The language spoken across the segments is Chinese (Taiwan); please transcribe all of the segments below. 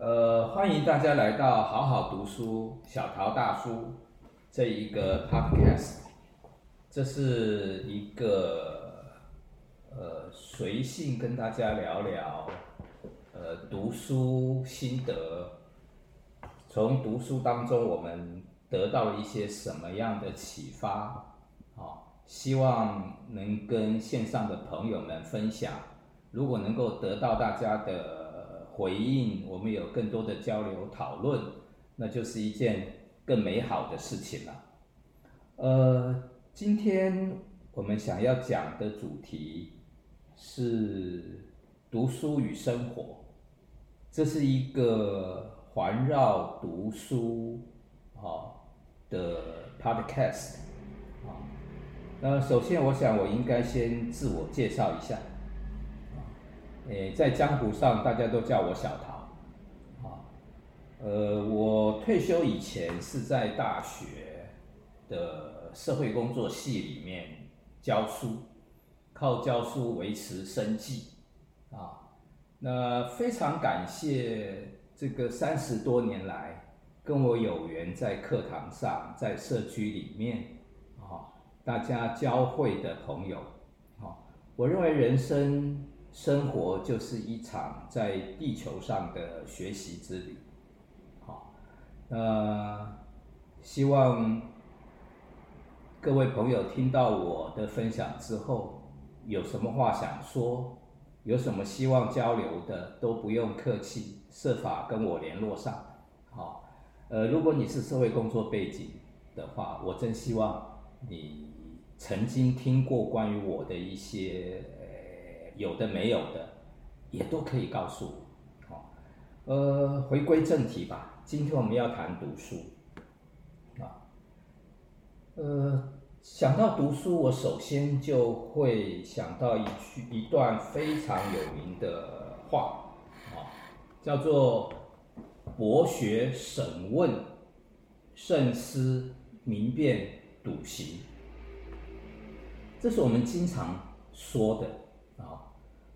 呃，歡迎大家來到《好好讀書》小桃大叔這一個 Podcast，這是一個呃隨性跟大家聊聊呃讀書心得，從讀書當中我們得到了一些什麼樣的啟發啊、哦，希望能跟線上的朋友們分享，如果能夠得到大家的，回應我們有更多的交流討論，那就是一件更美好的事情了。呃，今天我們想要講的主題是讀書與生活，這是一個環繞讀書啊的 podcast 啊。那首先，我想我應該先自我介紹一下。誒、欸，在江湖上，大家都叫我小陶，啊，呃，我退休以前是在大學的社會工作系裡面教書，靠教書維持生計，啊，那非常感謝這個三十多年來跟我有緣，在課堂上，在社區裡面啊，大家交會的朋友，啊，我認為人生。生活就是一場在地球上的學習之旅，好，呃，希望各位朋友聽到我的分享之後，有什麼話想說，有什麼希望交流的，都不用客氣，設法跟我聯絡上，好，呃，如果你是社會工作背景的話，我真希望你曾經聽過關於我的一些。有的沒有的，也都可以告訴我。好、哦，呃，回歸正題吧。今天我們要談讀書。啊、哦，呃，想到讀書，我首先就會想到一句一段非常有名的話，啊、哦，叫做“博學審問，慎思明辨篤行”。這是我們經常說的。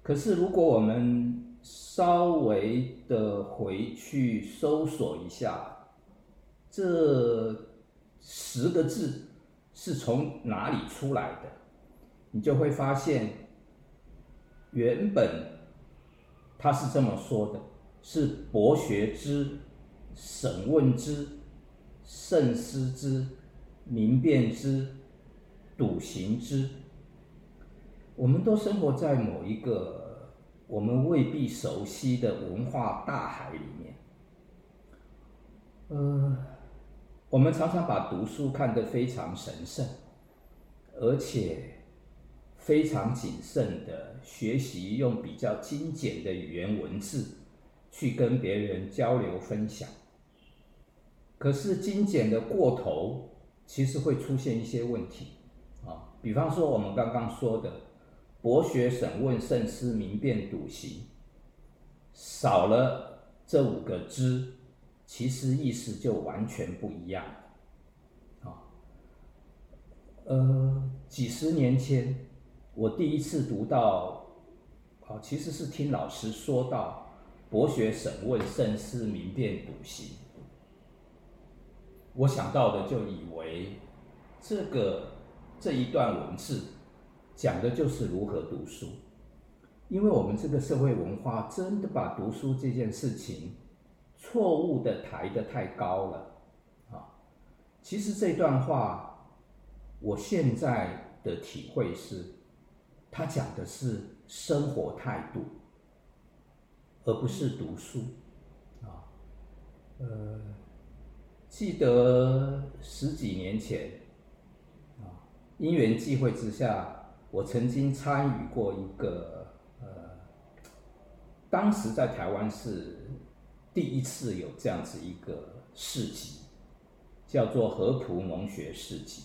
可是，如果我們稍微的回去搜索一下，這十個字是從哪裡出來的，你就會發現，原本他是這麼說的：是博學之，審問之，慎思之，明辨之，篤行之。我們都生活在某一個我們未必熟悉的文化大海裡面。呃，我們常常把讀書看得非常神聖，而且非常謹慎的學習，用比較精簡的語言文字去跟別人交流分享。可是精簡的過頭，其實會出現一些問題啊、哦，比方說我們剛剛說的。博學審問慎思、明辨、篤行，少了這五個之，其實意思就完全不一樣。啊、哦，呃，幾十年前，我第一次讀到，哦、其實是聽老師說到“博學審問慎思、明辨、篤行”，我想到的就以為這個這一段文字，講的就是如何讀書，因為我們這個社會文化真的把讀書這件事情錯誤的抬得太高了啊。其實這段話我現在的體會是，他講的是生活態度，而不是讀書啊。呃，記得十幾年前啊，因緣際會之下。我曾經參與過一個呃，當時在台灣是第一次有這樣子一個市集，叫做合樸農學市集。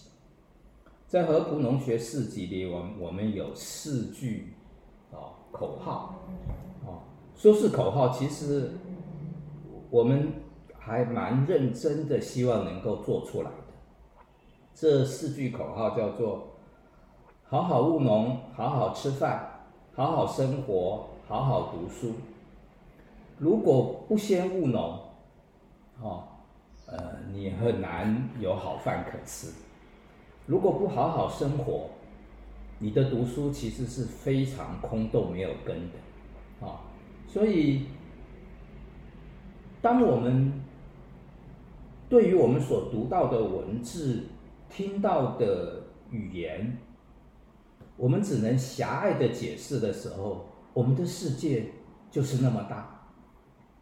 在合樸農學市集裡我們，我我們有四句哦口號，哦說是口號，其實我們還蠻認真的，希望能夠做出來的。這四句口號叫做。好好務農，好好吃飯，好好生活，好好讀書。如果不先務農，哦，呃，你很難有好飯可吃。如果不好好生活，你的讀書其實是非常空洞、沒有根的，啊、哦。所以，當我們對於我們所讀到的文字、聽到的語言，我們只能狹隘的解釋的時候，我們的世界就是那麼大。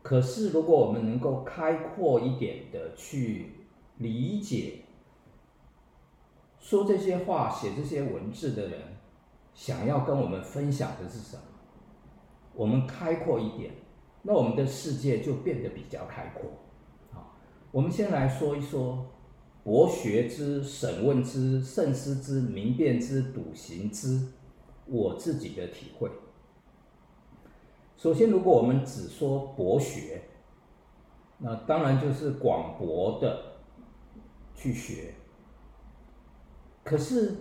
可是，如果我們能夠開闊一點的去理解，說這些話、寫這些文字的人，想要跟我們分享的是什麼？我們開闊一點，那我們的世界就變得比較開闊。好，我們先來說一說。博學之，審問之，慎思之，明辨之，篤行之，我自己的體會。首先，如果我們只說博學，那當然就是廣博的去學。可是，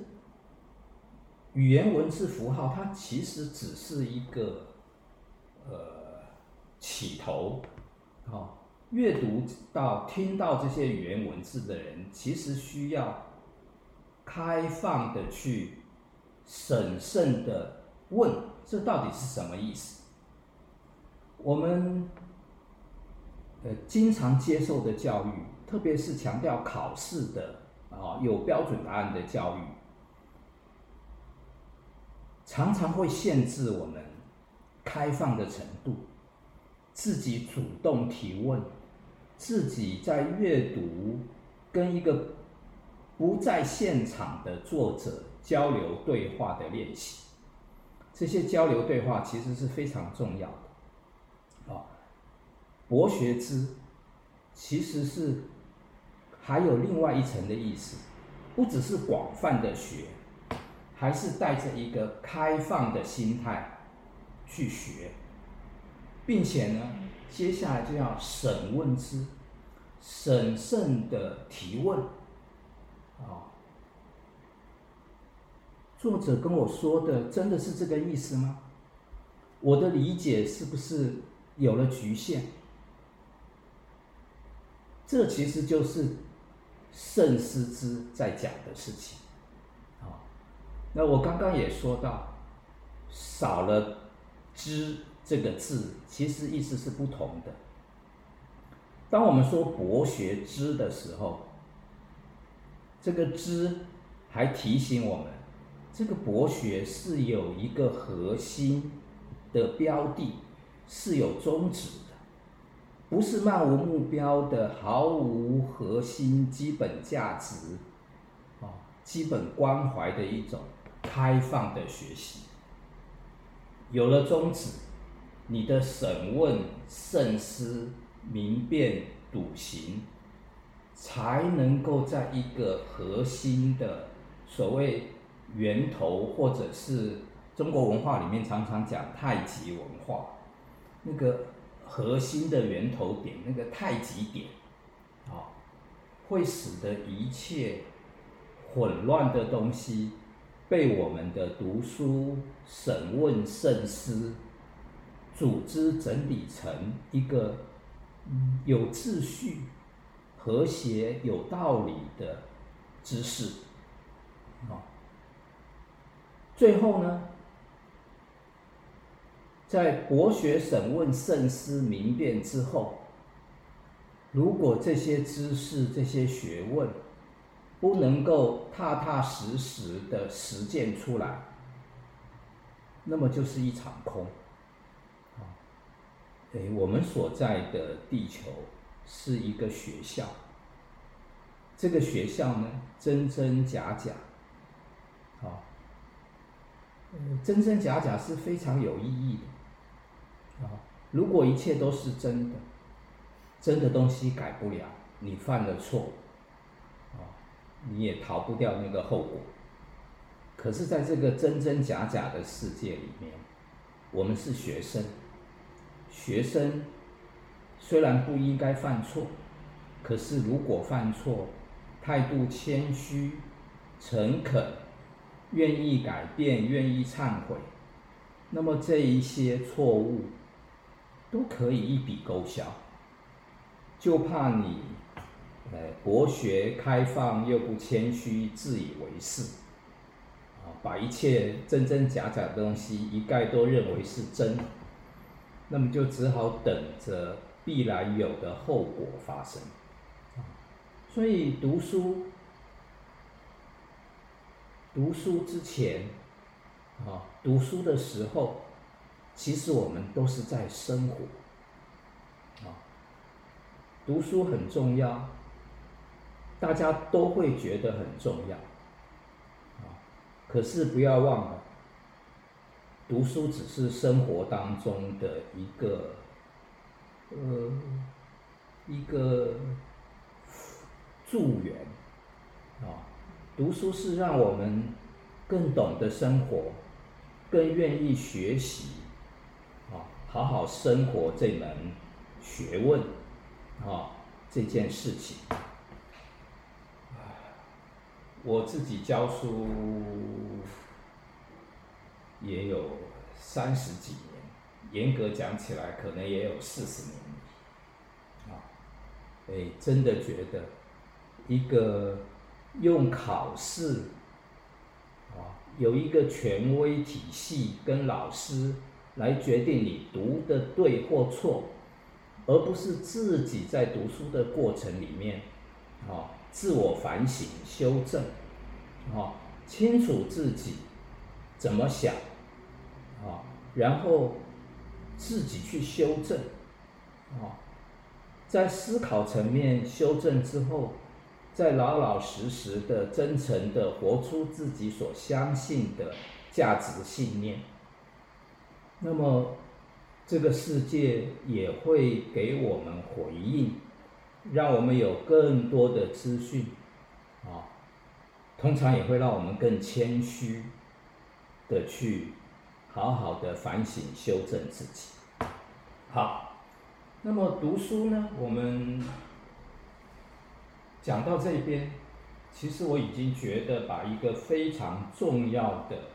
語言文字符號它其實只是一個，呃，起頭，啊、哦。閱讀到、聽到這些語言文字的人，其實需要開放的去、審慎的問，這到底是什麼意思？我們呃經常接受的教育，特別是強調考試的啊、哦、有標準答案的教育，常常會限制我們開放的程度，自己主動提問。自己在閱讀，跟一個不在現場的作者交流對話的練習，這些交流對話其實是非常重要的。啊、哦，博學之，其實是還有另外一層的意思，不只是廣泛的學，還是帶着一個開放的心態去學，並且呢。接下來就要審問之，審慎的提問，啊、哦，作者跟我說的真的是這個意思嗎？我的理解是不是有了局限？這其實就是慎思之在講的事情，啊、哦，那我剛剛也說到，少了知。這個“字”其實意思是不同的。當我們說“博學知”的時候，這個“知”還提醒我們，這個博學是有一個核心的標的，是有宗旨的，不是漫無目標的、毫無核心、基本價值、啊，基本關懷的一種開放的學習。有了宗旨。你的審問慎思、明辨、篤行，才能夠在一個核心的所謂源頭，或者是中國文化裡面常常講太極文化，那個核心的源頭點，那個太極點，啊、哦，會使得一切混亂的東西被我們的讀書審問慎思。組織整理成一個有秩序、和諧、有道理的知識，啊，最後呢，在博學、審問、慎思、明辨之後，如果這些知識、這些學問不能夠踏踏實實的實踐出來，那麼就是一場空。對，我們所在的地球是一個學校。這個學校呢，真真假假，啊、哦，真真假假是非常有意義的啊、哦。如果一切都是真的，真的東西改不了，你犯了錯，啊、哦，你也逃不掉那個後果。可是，在這個真真假假的世界裡面，我們是學生。學生雖然不應該犯錯，可是如果犯錯，態度謙虛、誠懇，願意改變、願意懺悔，那麼這一些錯誤都可以一筆勾銷。就怕你，呃，博學開放又不謙虛，自以為是，啊，把一切真真假假的東西一概都認為是真。那麼就只好等着必然有的後果發生。所以讀書，讀書之前，啊，讀書的時候，其實我們都是在生活。啊，讀書很重要，大家都會覺得很重要。啊，可是不要忘了。讀書只是生活當中的一個，呃，一個助緣啊。讀書是讓我們更懂得生活，更願意學習啊、哦。好好生活這門學問啊、哦，這件事情。我自己教書。也有三十幾年，嚴格講起來，可能也有四十年了。啊，哎、欸，真的覺得，一個用考試，啊，有一個權威體系跟老師來決定你讀的對或錯，而不是自己在讀書的過程裡面，啊，自我反省、修正，啊，清楚自己。怎麼想，啊，然後自己去修正，啊，在思考層面修正之後，再老老實實的、真誠的活出自己所相信的價值信念，那麼這個世界也會給我們回應，讓我們有更多的資訊，啊，通常也會讓我們更謙虛。的去，好好的反省修正自己。好，那麼讀書呢？我們講到這邊，其實我已經覺得把一個非常重要的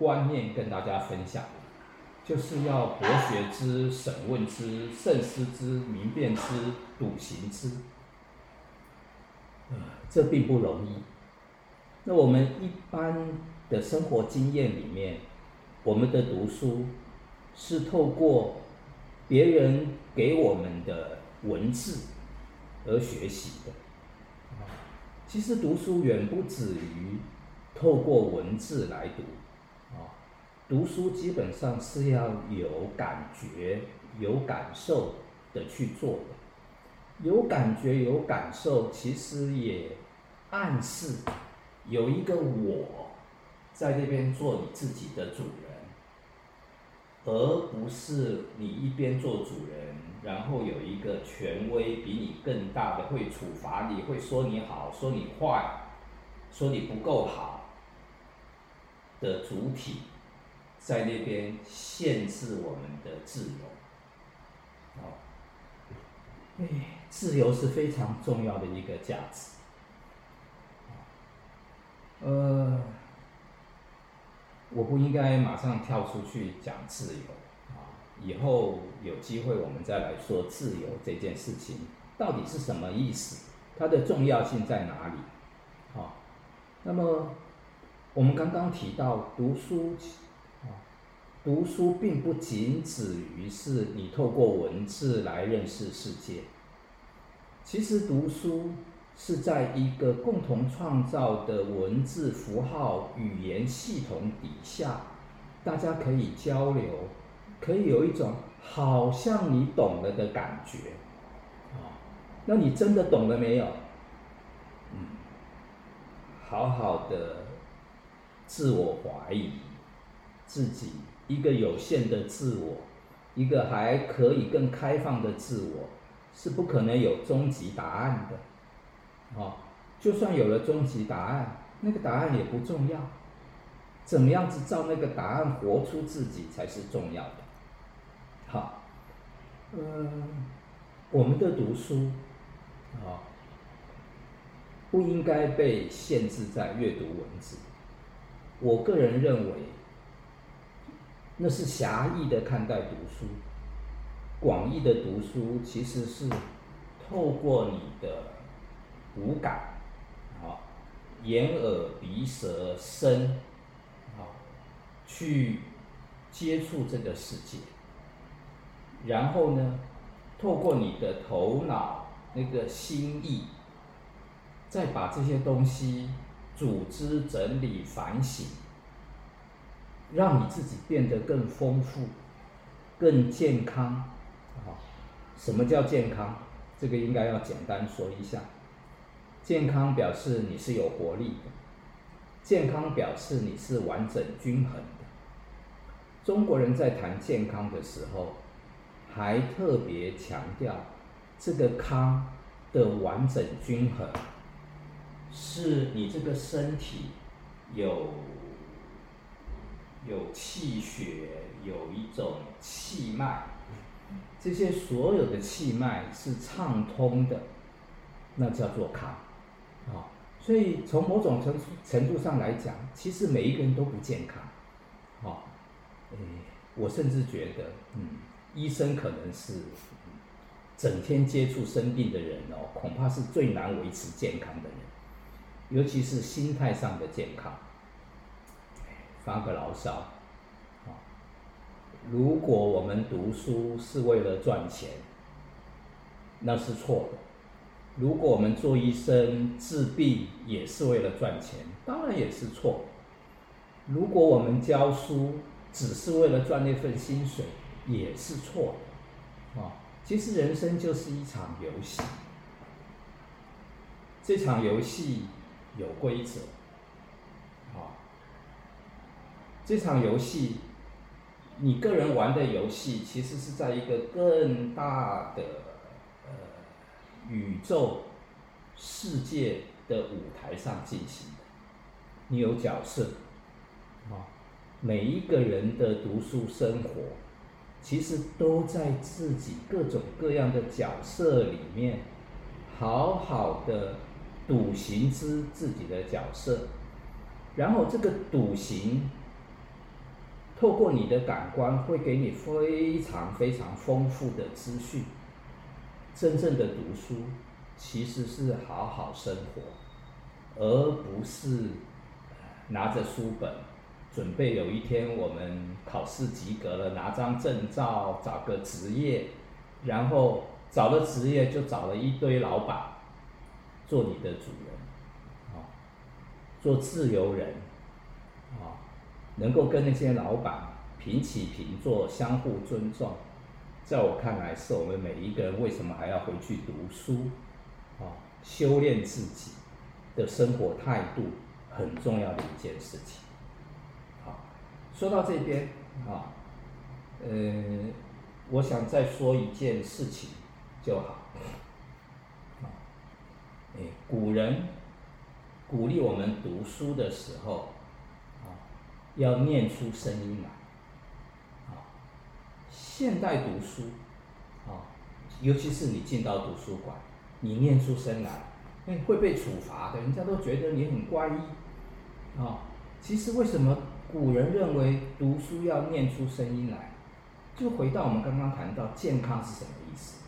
觀念跟大家分享了，就是要博學之，審問之，慎思之，明辨之，篤行之。啊、呃，這並不容易。那我們一般。的生活經驗裡面，我們的讀書是透過別人給我們的文字而學習的。其實讀書遠不止於透過文字來讀，啊，讀書基本上是要有感覺、有感受的去做的。有感覺、有感受，其實也暗示有一個我。在那邊做你自己的主人，而不是你一邊做主人，然後有一個權威比你更大的會處罰你，會說你好，說你壞，說你不夠好的主體，在那邊限制我們的自由。哦，哎，自由是非常重要的一個價值。哦。呃。我不應該馬上跳出去講自由，啊，以後有機會我們再來說自由這件事情到底是什麼意思，它的重要性在哪裡。啊，那麼我們剛剛提到讀書，讀書並不僅止於是你透過文字來認識世界，其實讀書，是在一個共同創造的文字符號語言系統底下，大家可以交流，可以有一種好像你懂了的感覺，啊，那你真的懂了沒有？嗯，好好的自我懷疑，自己一個有限的自我，一個還可以更開放的自我，是不可能有終極答案的。好，就算有了終極答案，那個答案也不重要。怎麼樣子照那個答案活出自己才是重要的。好，嗯、呃，我們的讀書，啊，不應該被限制在閱讀文字。我個人認為，那是狹義的看待讀書。廣義的讀書其實是透過你的。五感，啊、哦，眼、耳、耳、鼻、舌、身，啊，去接觸這個世界。然後呢，透過你的頭腦那個心意，再把這些東西組織、整理、反省，讓你自己變得更豐富、更健康。啊、哦，什麼叫健康？這個應該要簡單說一下。健康表示你是有活力的，健康表示你是完整均衡的。中國人在談健康的時候，還特別強調這個“康”的完整均衡，是你這個身體有有氣血，有一種氣脈，這些所有的氣脈是暢通的，那叫做康。啊、哦，所以從某種程程度上來講，其實每一個人都不健康，啊、哦嗯，我甚至覺得，嗯，醫生可能是整天接觸生病的人哦，恐怕是最難維持健康的人，尤其是心態上的健康，發個牢騷，啊、哦，如果我們讀書是為了賺錢，那是錯的。如果我們做醫生治病，也是為了賺錢，當然也是錯；如果我們教書只是為了賺那份薪水，也是錯。啊、哦，其實人生就是一場遊戲，這場遊戲有規則。啊、哦，這場遊戲，你個人玩的遊戲，其實是在一個更大的宇宙世界的舞台上進行的，你有角色啊！每一個人的讀書生活，其實都在自己各種各樣的角色裡面，好好的篤行之自己的角色，然後這個篤行，透過你的感官，會給你非常非常豐富的資訊。真正的讀書，其實是好好生活，而不是拿着書本，準備有一天我們考試及格了，拿張證照，找個職業，然後找了職業就找了一堆老闆做你的主人，啊、哦，做自由人，啊、哦，能夠跟那些老闆平起平坐，相互尊重。在我看來，是我們每一個人為什麼還要回去讀書，啊、哦，修煉自己，的生活態度很重要的一件事情。好、哦，說到這邊，啊、哦呃，我想再說一件事情就好。哦誒，古人鼓勵我們讀書的時候，啊、哦，要念出聲音來、啊。現代讀書，啊、哦，尤其是你進到圖書館，你念出聲來，哎，會被處罰的。人家都覺得你很怪異，啊、哦，其實為什麼古人認為讀書要念出聲音來？就回到我們剛剛談到健康是什麼意思？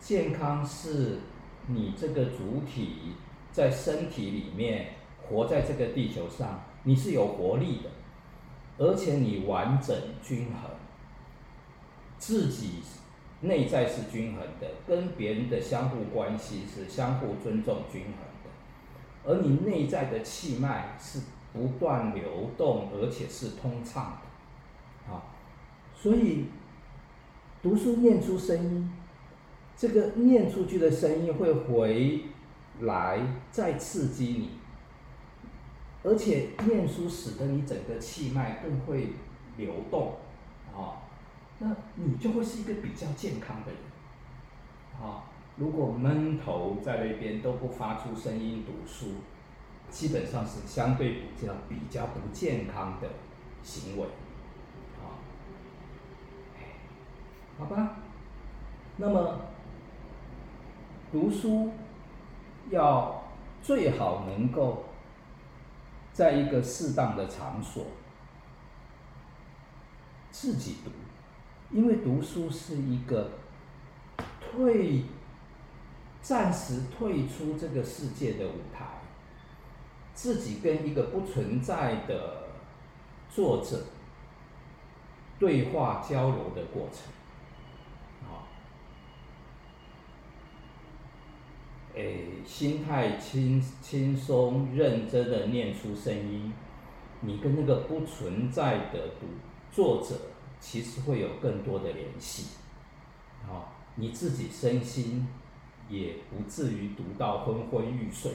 健康是你這個主體在身體裡面活在這個地球上，你是有活力的，而且你完整均衡。自己內在是均衡的，跟別人的相互關係是相互尊重、均衡的，而你內在的氣脈是不斷流動，而且是通暢的。啊，所以讀書念出聲音，這個念出去的聲音會回來再刺激你，而且念書使得你整個氣脈更會流動，啊。那你就會是一個比較健康的人啊、哦！如果悶頭在那邊都不發出聲音讀書，基本上是相對比較比較不健康的行為啊、哦。好吧，那麼讀書要最好能夠在一個適當的場所自己讀。因為讀書是一個退、暫時退出這個世界的舞台，自己跟一個不存在的作者對話交流的過程。啊、誒。心態輕輕鬆，認真的念出聲音，你跟那個不存在的讀作者其實會有更多的聯繫，啊、哦，你自己身心也不至於讀到昏昏欲睡，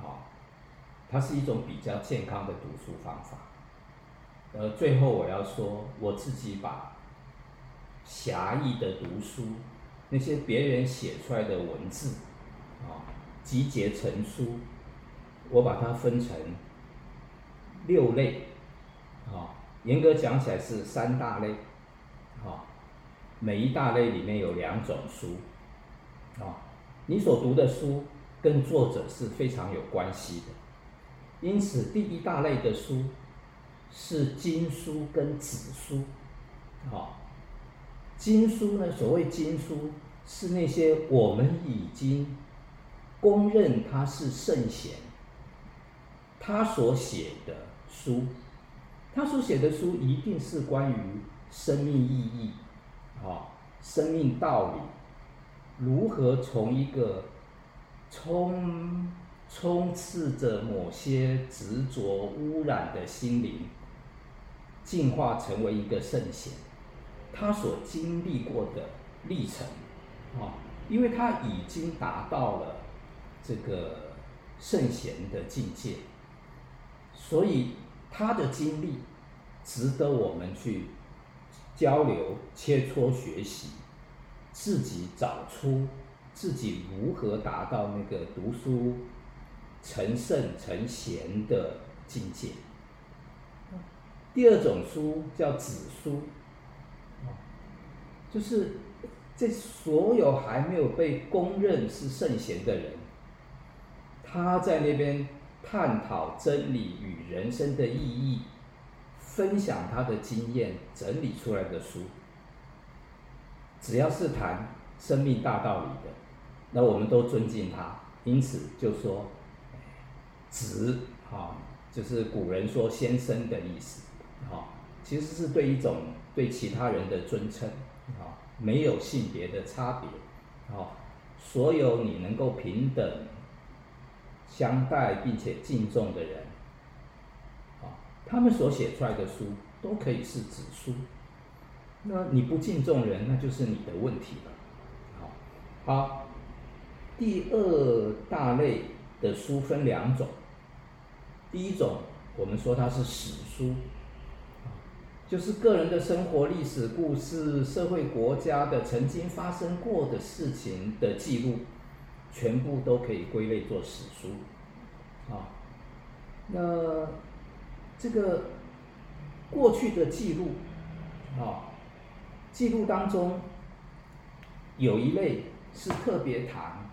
好、哦，它是一種比較健康的讀書方法。呃，最後我要說，我自己把狹義的讀書，那些別人寫出來的文字，啊、哦，集結成書，我把它分成六類，啊、哦。嚴格講起來是三大類，啊、哦，每一大類裡面有兩種書，啊、哦，你所讀的書跟作者是非常有關係的，因此第一大類的書是經書跟子書，啊、哦，經書呢，所謂經書是那些我們已經公認他是聖賢，他所寫的書。他所寫的書一定是關於生命意義，啊、哦，生命道理，如何從一個充充斥着某些執着污染的心靈，進化成為一個聖賢，他所經歷過的歷程，啊、哦，因為他已經達到了這個聖賢的境界，所以。他的經歷值得我們去交流、切磋、學習，自己找出自己如何達到那個讀書成聖成賢的境界。第二種書叫子書，就是這所有還沒有被公認是聖賢的人，他在那邊。探討真理與人生的意義，分享他的經驗，整理出來的書，只要是談生命大道理的，那我們都尊敬他。因此就說“子”啊，就是古人說“先生”的意思啊，其實是對一種對其他人的尊稱啊，沒有性別的差別啊，所有你能夠平等。相待並且敬重的人，啊，他們所寫出來的書都可以是子書。那你不敬重人，那就是你的問題了。好，第二大類的書分兩種，第一種我們說它是史書，就是個人的生活歷史故事、社會國家的曾經發生過的事情的記錄。全部都可以歸類做史書，啊，那這個過去的記錄，啊，記錄當中有一類是特別談，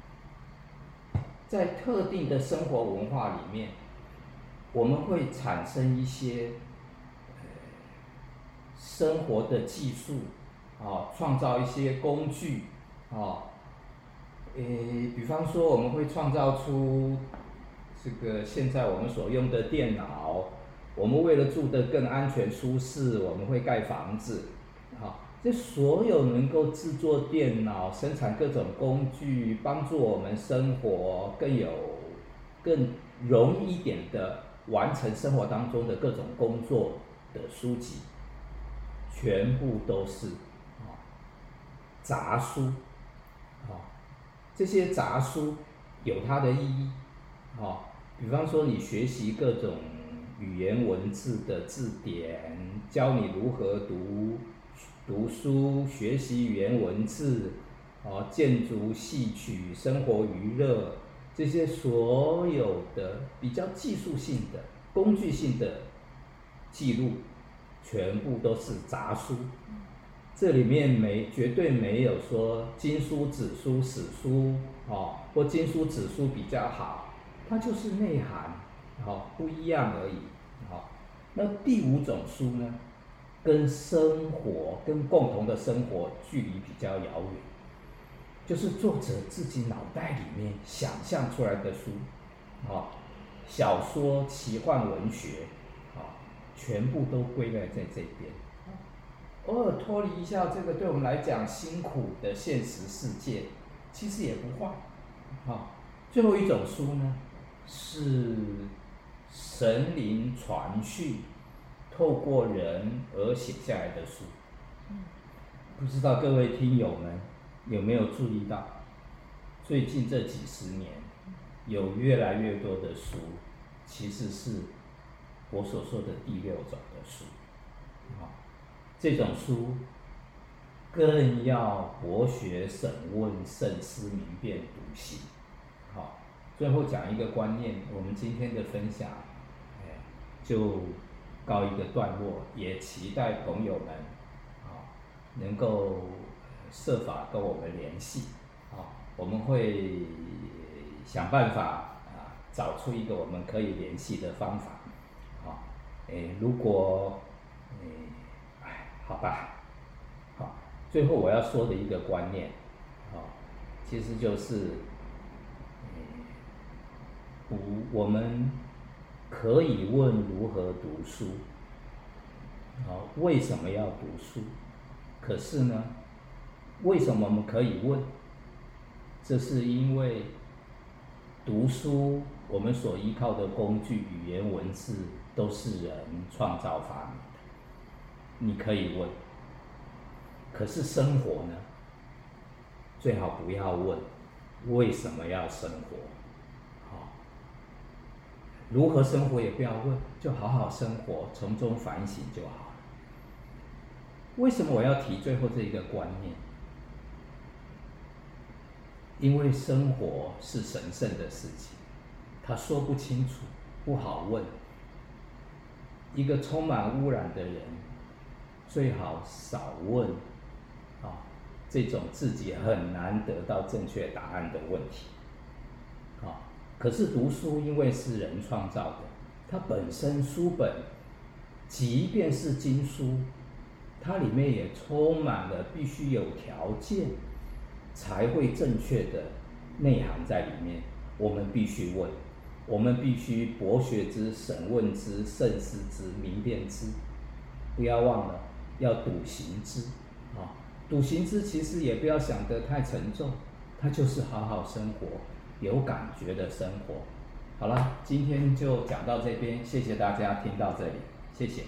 在特定的生活文化裡面，我們會產生一些生活的技術，啊，創造一些工具，啊。誒、欸，比方說，我們會創造出這個現在我們所用的電腦。我們為了住得更安全舒適，我們會蓋房子。好，這所有能夠製作電腦、生產各種工具、幫助我們生活更有更容易一點的完成生活當中的各種工作的書籍，全部都是啊雜書。這些雜書有它的意義，哦，比方說你學習各種語言文字的字典，教你如何讀讀書、學習語言文字，啊、哦，建築、戲曲、生活、娛樂這些所有的比較技術性的、工具性的記錄，全部都是雜書。這裡面沒，絕對沒有說經書、子書、史書，哦，或經書、子書比較好，它就是內涵，啊、哦，不一樣而已，啊、哦，那第五種書呢，跟生活、跟共同的生活距離比較遙遠，就是作者自己腦袋裡面想象出來的書，啊、哦，小說、奇幻文學，啊、哦，全部都歸類在這邊。偶爾脫離一下這個對我們來講辛苦的現實世界，其實也不壞，好。最後一種書呢，是神靈傳訊，透過人而寫下來的書。不知道各位聽友們有沒有注意到，最近這幾十年，有越來越多的書，其實是我所說的第六種的書，好。這種書更要博學審問、慎思、明辨、篤行。好、哦，最後講一個觀念，我們今天的分享，哎、就告一個段落，也期待朋友們，啊、哦，能夠設法跟我們聯繫，啊、哦，我們會想辦法啊，找出一個我們可以聯繫的方法，啊、哦哎，如果，哎好吧，好，最後我要說的一個觀念，啊，其實就是，我我們可以問如何讀書，啊，為什麼要讀書？可是呢，為什麼我們可以問？這是因為讀書，我們所依靠的工具語言文字，都是人創造發明。你可以問，可是生活呢？最好不要問為什麼要生活，好、哦，如何生活也不要問，就好好生活，從中反省就好。為什麼我要提最後這一個觀念？因為生活是神聖的事情，他說不清楚，不好問。一個充滿污染的人。最好少問，啊、哦，這種自己很難得到正確答案的問題，啊、哦，可是讀書因為是人創造的，它本身書本，即便是經書，它裡面也充滿了必須有條件才會正確的內涵在裡面。我們必須問，我們必須博學之，審問之，慎思之，明辨之，不要忘了。要篤行之，啊、哦，篤行之其實也不要想得太沉重，它就是好好生活，有感覺的生活。好了，今天就講到這邊，謝謝大家聽到這裡，謝謝。